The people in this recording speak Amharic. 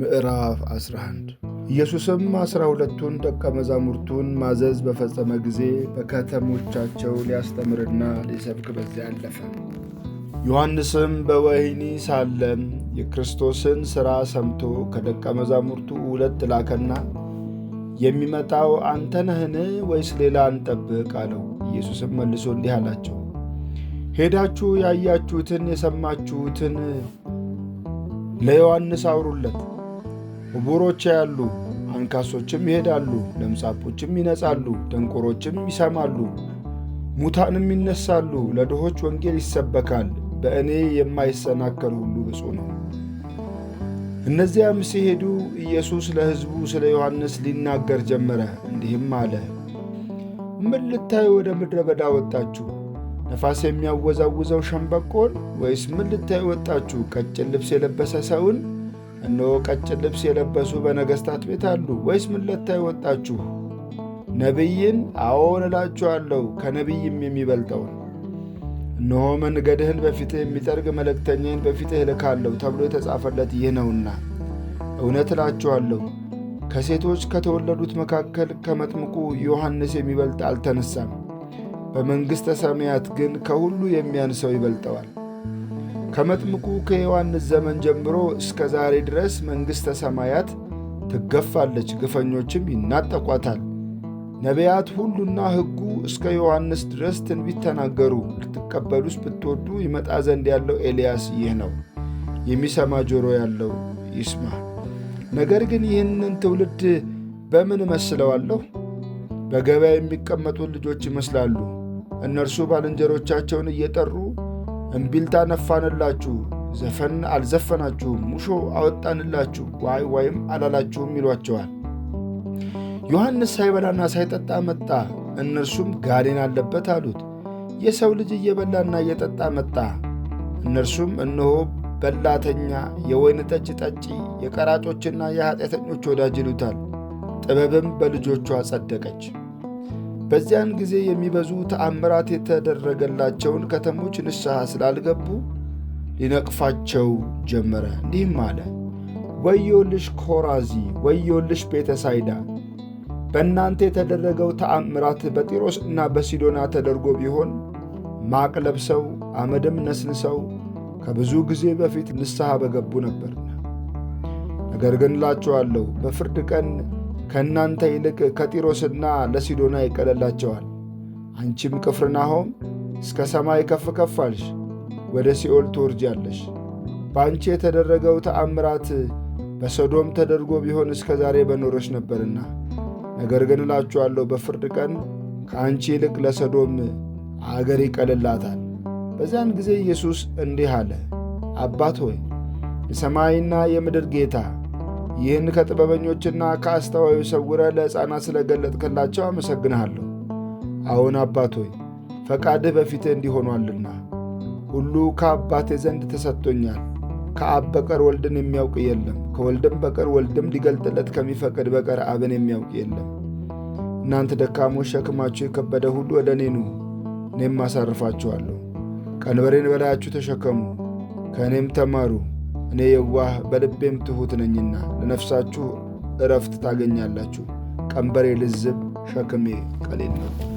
ምዕራፍ 11 ኢየሱስም አስራ ሁለቱን ደቀ መዛሙርቱን ማዘዝ በፈጸመ ጊዜ በከተሞቻቸው ሊያስተምርና ሊሰብክ በዚያ አለፈ። ዮሐንስም በወህኒ ሳለም የክርስቶስን ሥራ ሰምቶ ከደቀ መዛሙርቱ ሁለት ላከና የሚመጣው አንተ ነህን ወይስ ሌላ እንጠብቅ? አለው። ኢየሱስም መልሶ እንዲህ አላቸው፣ ሄዳችሁ ያያችሁትን የሰማችሁትን ለዮሐንስ አውሩለት ዕውሮች ያሉ፣ አንካሶችም ይሄዳሉ፣ ለምጻፖችም ይነጻሉ፣ ደንቆሮችም ይሰማሉ፣ ሙታንም ይነሳሉ፣ ለድሆች ወንጌል ይሰበካል። በእኔ የማይሰናከል ሁሉ ብፁ ነው። እነዚያም ሲሄዱ ኢየሱስ ለሕዝቡ ስለ ዮሐንስ ሊናገር ጀመረ፣ እንዲህም አለ። ምን ልታዩ ወደ ምድረ በዳ ወጣችሁ? ነፋስ የሚያወዛውዘው ሸምበቆን? ወይስ ምን ልታዩ ወጣችሁ? ቀጭን ልብስ የለበሰ ሰውን? እነሆ ቀጭን ልብስ የለበሱ በነገሥታት ቤት አሉ፣ ወይስ ምን ልታዩ ወጣችሁ? ነቢይን? አዎን እላችኋለሁ፣ ከነቢይም የሚበልጠውን። እነሆ መንገድህን በፊትህ የሚጠርግ መልእክተኛዬን በፊትህ እልካለሁ ተብሎ የተጻፈለት ይህ ነውና። እውነት እላችኋለሁ ከሴቶች ከተወለዱት መካከል ከመጥምቁ ዮሐንስ የሚበልጥ አልተነሳም። በመንግሥተ ሰማያት ግን ከሁሉ የሚያንሰው ይበልጠዋል። ከመጥምቁ ከዮሐንስ ዘመን ጀምሮ እስከ ዛሬ ድረስ መንግሥተ ሰማያት ትገፋለች፣ ግፈኞችም ይናጠቋታል። ነቢያት ሁሉና ሕጉ እስከ ዮሐንስ ድረስ ትንቢት ተናገሩ። ልትቀበሉስ ብትወዱ ይመጣ ዘንድ ያለው ኤልያስ ይህ ነው። የሚሰማ ጆሮ ያለው ይስማ። ነገር ግን ይህንን ትውልድ በምን እመስለዋለሁ? በገበያ የሚቀመጡ ልጆች ይመስላሉ። እነርሱ ባልንጀሮቻቸውን እየጠሩ እምቢልታ ነፋንላችሁ፣ ዘፈን አልዘፈናችሁም፣ ሙሾ አወጣንላችሁ፣ ዋይ ዋይም አላላችሁም ይሏቸዋል። ዮሐንስ ሳይበላና ሳይጠጣ መጣ። እነርሱም ጋኔን አለበት አሉት። የሰው ልጅ እየበላና እየጠጣ መጣ። እነርሱም እነሆ በላተኛ፣ የወይን ጠጅ ጠጪ፣ የቀራጮችና የኃጢአተኞች ወዳጅ ይሉታል። ጥበብም በልጆቿ ጸደቀች። በዚያን ጊዜ የሚበዙ ተአምራት የተደረገላቸውን ከተሞች ንስሐ ስላልገቡ ሊነቅፋቸው ጀመረ። እንዲህም አለ፣ ወዮልሽ ኮራዚ፣ ወዮልሽ ቤተሳይዳ! በእናንተ የተደረገው ተአምራት በጢሮስ እና በሲዶና ተደርጎ ቢሆን ማቅ ለብሰው አመድም ነስንሰው ከብዙ ጊዜ በፊት ንስሐ በገቡ ነበርና። ነገር ግን እላችኋለሁ በፍርድ ቀን ከእናንተ ይልቅ ከጢሮስና ለሲዶና ይቀለላቸዋል። አንቺም ቅፍርናሆም እስከ ሰማይ ከፍ ከፍ አልሽ፣ ወደ ሲኦል ትወርጃለሽ። በአንቺ የተደረገው ተአምራት በሰዶም ተደርጎ ቢሆን እስከ ዛሬ በኖረች ነበርና። ነገር ግን እላችኋለሁ በፍርድ ቀን ከአንቺ ይልቅ ለሰዶም አገር ይቀልላታል። በዚያን ጊዜ ኢየሱስ እንዲህ አለ፣ አባት ሆይ የሰማይና የምድር ጌታ ይህን ከጥበበኞችና ከአስተዋዩ ሰውረ ለሕፃናት ስለገለጥክላቸው አመሰግንሃለሁ። አሁን አባት ሆይ ፈቃድህ በፊትህ እንዲሆኗልና ሁሉ ከአባቴ ዘንድ ተሰጥቶኛል። ከአብ በቀር ወልድን የሚያውቅ የለም፣ ከወልድም በቀር ወልድም ሊገልጥለት ከሚፈቅድ በቀር አብን የሚያውቅ የለም። እናንተ ደካሞች ሸክማችሁ የከበደ ሁሉ ወደ እኔ ኑ፣ እኔም አሳርፋችኋለሁ። ቀንበሬን በላያችሁ ተሸከሙ፣ ከእኔም ተማሩ እኔ የዋህ በልቤም ትሑት ነኝና ለነፍሳችሁ እረፍት ታገኛላችሁ። ቀንበሬ ልዝብ፣ ሸክሜ ቀሊል ነው።